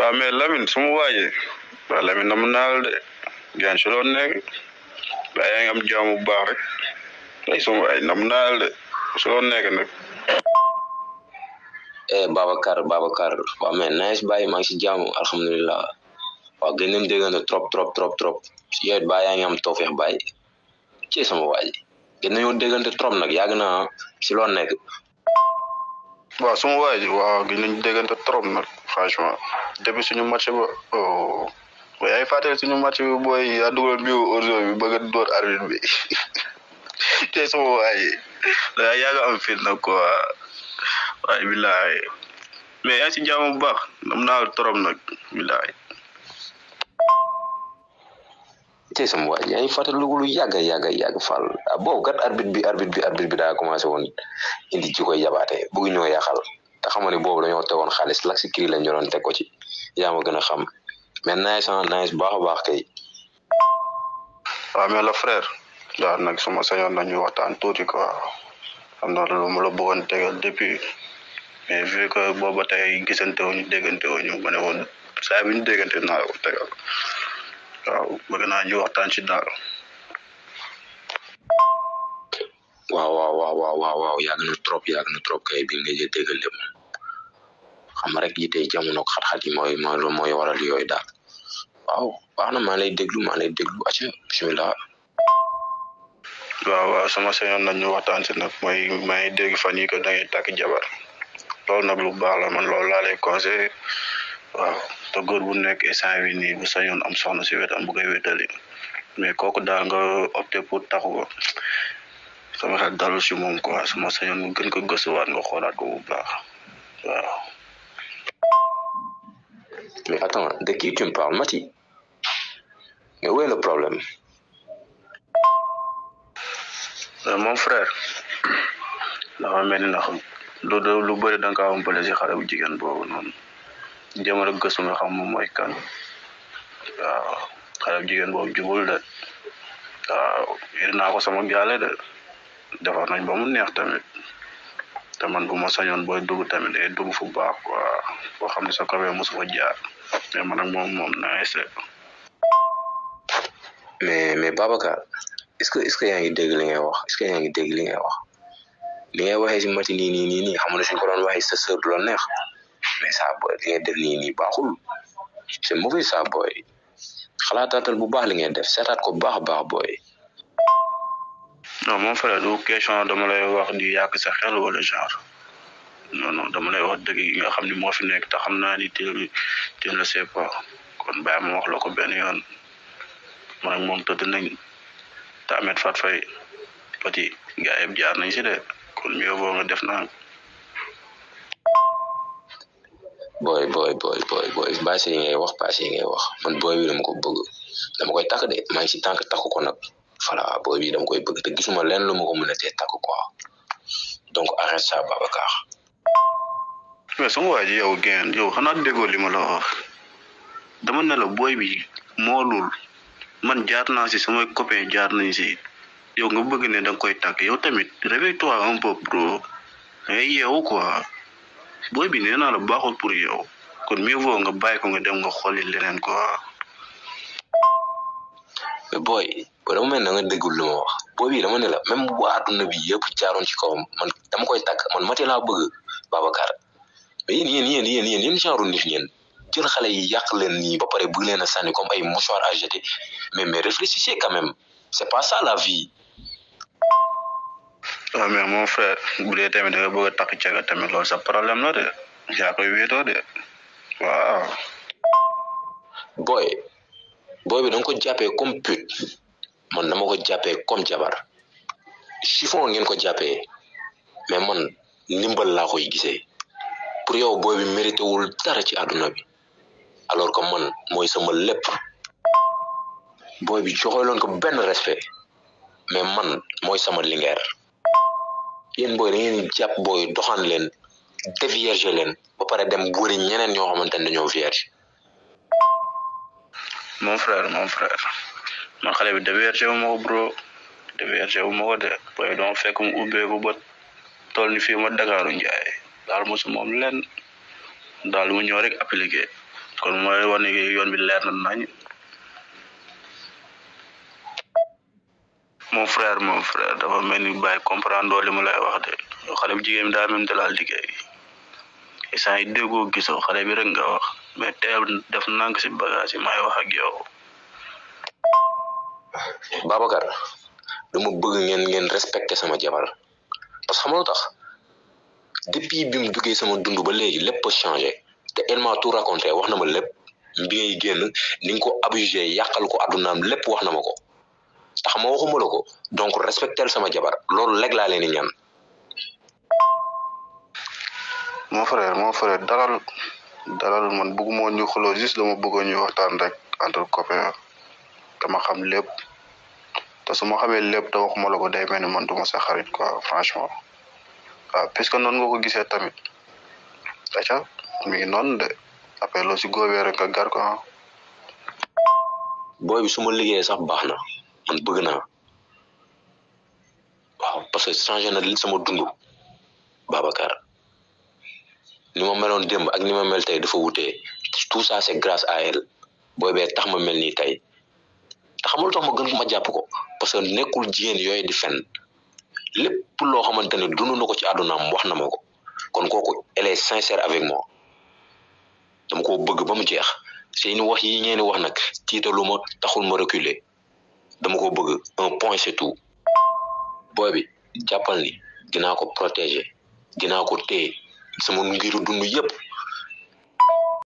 waa mais Lamine su ma waajee waaw Lamine na mu naal de gaan si loon nekk daa yaa ngi am jaamu baax rek ay suma ay na de si loon nekk nag eh, Babacar Babacar waaw mais nice bàyyi maa ngi si jaamu alhamdulilah waaw gën nañ déggante trop trop trop trop baa yaa ngi am tawfeex bàyyi ci sama waaj gën nañoo déggante trop nag yàgg naa si loon nekk waaw suma waay ji waaw gis nañ déggante trop nag franchement depuis suñu match ba waaye oh, yaa ngi fàttali suñu match bi booy yaa dugaloon bii orzo bi bëgg a door arbitre bi tey suma waay yi daa yàgg am fit nag quoi waaye billaay mais yaa si jàmm bu baax am naa trop nag billaay te sam waaj yaa ngi fàttali lu yaga yaga yaga fal ah, bo gat kan? arbit bi arbit bi arbit bi daa commencé woon indi ci koy bu ñu ñoo yaxal ta xam ne boobu dañoo tegoon xaalis lak si kiri lañ doon teg ko ci ya ma gëna xam mais nice ah nice baax baax kay. waaw mais le frère da nak sama sañoon nañu waxtaan tuuti ko xam na lu mu la bëggoon tegal depuis mais vu que bobu tay gisante wuñu déggante wuñu ma ne woon saa bi ñu déggante naa ko tegal waaw bëgg naa ñu waxtaan ci daal waaw waaw waaw waaw waaw waaw yàgg na trop yàgg na trop kay bi nga lépp xam rek yi tey jamono xat-xat yi mooy mooy waral yooyu daal waaw baax na maa lay déglu maa lay déglu acca waaw waaw sama sañoon nañ waxtaan si nag mooy may dégg fan yi ko da ngay takk jabar loolu nag lu baax la man loolu laa lay conseillé waaw te góor bu nekk instant bi nii bu sañoon am soxna si wetam bu koy wétali mais kooku daal nga opté pour taxu ko sama xel dalul si moom quoi sama sañoon mu gën ko gëstuwaat nga xoolaat ko bu baax waaw. mais attends de qui tu me parles Mati mais où est le problème. Euh, mon frère dafa mel ni ndax lu lu bëri da nga am ëmpale si xale bu jigéen boobu noonu. jéem a gëstu nga xam moom mooy kan waaw xale bu jigéen boobu jubul de waaw yéen naa ko sama gaale de defar nañ ba mu neex tamit te man bu ma sañoon booy dugg tamit day dugg fu baax quoi foo xam ne sa kawee mosu fa jaar mais man ak moom moom naa essayer. mais mais Babacar est-ce que li ngay wax est-ce que yaa ngay wax li ngay waxee si matin nii nii nii nii xam nga suñ ko doon waxee sa sœur du neex. saabo booy li ngeen def nii nii baaxul c'est mauvais saa booy xalaataatal bu baax li ngeen def seetaat ko bu baax a baax booy. non moom fële du question dama lay wax di yàq sa xel wala genre non non dama lay wax dëgg yi nga xam ni moo fi nekk te xam naa ni teel teel la c'est pas kon bàyyi ma wax la ko benn yoon man ak moom tëdd nañ te Ahmed Fat Faye petit gars jaar nañ si de kon mieux vaut nga def naa. booy booy booy booy booy baasi yi ngay wax baasi yi ngay wax man booy bi dama ko bëgg dama ko takk de maa si tànk takk ko nag voilà booy bi dama koy bëgg te gisuma lenn lu ma ko mën a tee takk quoi donc arrête ça Babacar. mais sama waa ji yow geen yow xanaa li ma la wax dama ne la booy bi moolul man jaar naa si samay copain jaar nañ si yow nga bëgg ne danga koy takk yow tamit réveille-toi un peu bro da ngay boy bi nee naa la baaxul pour yow kon mieux vaut nga bàyyi ko nga dem nga xooli leneen quoi. boy booy boo dama mel na nga déggul lu ma wax boy bi dama ne la même bu adduna bi yëpp jaaroon ci kawam man dama koy tàgg man mate laa bëgg Babacar mais yéen yéen yéen yéen yéen yéen genre nit yéen jël xale yi yàq leen nii ba pare bëgg leen a sànni comme ay mouchoir agité mais mais réfléchissez quand même c'est pas ça la vie. waaw mais mon frère bu dee tamit da nga bëgg a takk cega tamit loolu sa problème la de yaa koy wéetoo de waaw booy booy bi da ko jàppee comme pute man dama ko jàppee comme jabar chiffon ngeen ko jàppee mais man ndimbal laa koy gisee pour yow booy bi mérité wul dara ci àdduna bi alors que man mooy sama lépp booy bi joxooloon ko benn respect mais man mooy sama lingeer yéen booy da ngeen jàpp booy doxaan leen te vierge leen ba pare dem wëri ñeneen ñoo xamante ne dañoo vierge. mon frère mon frère man xale bi de vierge wu ma ko de vierge wu ma ko de booy doon fekk mu ubbeeku ba tool ni ma Dakaaru njaay daal mosu moom leen daal mu ñëw rek appliqué kon mooy wane yoon bi leer na nañ. mon frère mon frère dafa mel ni comprendre li mu lay wax de xale bu jigéen bi daa mel ni dalal liggéey instant yi déggoo gisoo xale bi rek nga wax mais teel def nank si bagage yi a wax ak yow. Babacar dama bëgg ngeen ngeen respecté sama jabar parce que xam tax depuis bi mu duggee sama dund ba léegi lépp a changé te elle tout raconté wax na ma lépp bi ngay génn ni nga ko abusé yàqal ko addunaam lépp wax na ma ko. tax ma waxuma la ko donc respectel sama jabar loolu léeg laa leen moo ñaan. mon frère mon frère dalal dalal man bëgguma ñu xuloo juste dama bëggoon ñu waxtaan rek entre copains dama xam lépp te su ma xamee lépp te waxuma la ko day mel ni man du ma sa xarit quoi franchement waaw puisque noonu nga ko gisee tamit aca mi ngi noonu de après loo si góobee rek nga gar ko ah. booy bi sax baax na. man bëgg na waaw parce que changé na li sama dund Babacar ni ma meloon démb ak ni ma mel tey dafa wute tout ça c'est grâce a elle booy bee tax ma mel nii tey te xamul tax ma gën ma jàpp ko parce que nekkul jigéen yooyu di fen lépp loo xamante ne dund na ko ci àddunaam wax na ma ko kon kooku elle est sincère avec moi dama ko bëgg ba mu jeex seeni wax yi ngeen wax nag lu ma taxul ma reculer dama ko bëgg un point tout booy bi jàppal ni dinaa ko protéger dinaa ko téye sama ngiru dund yëpp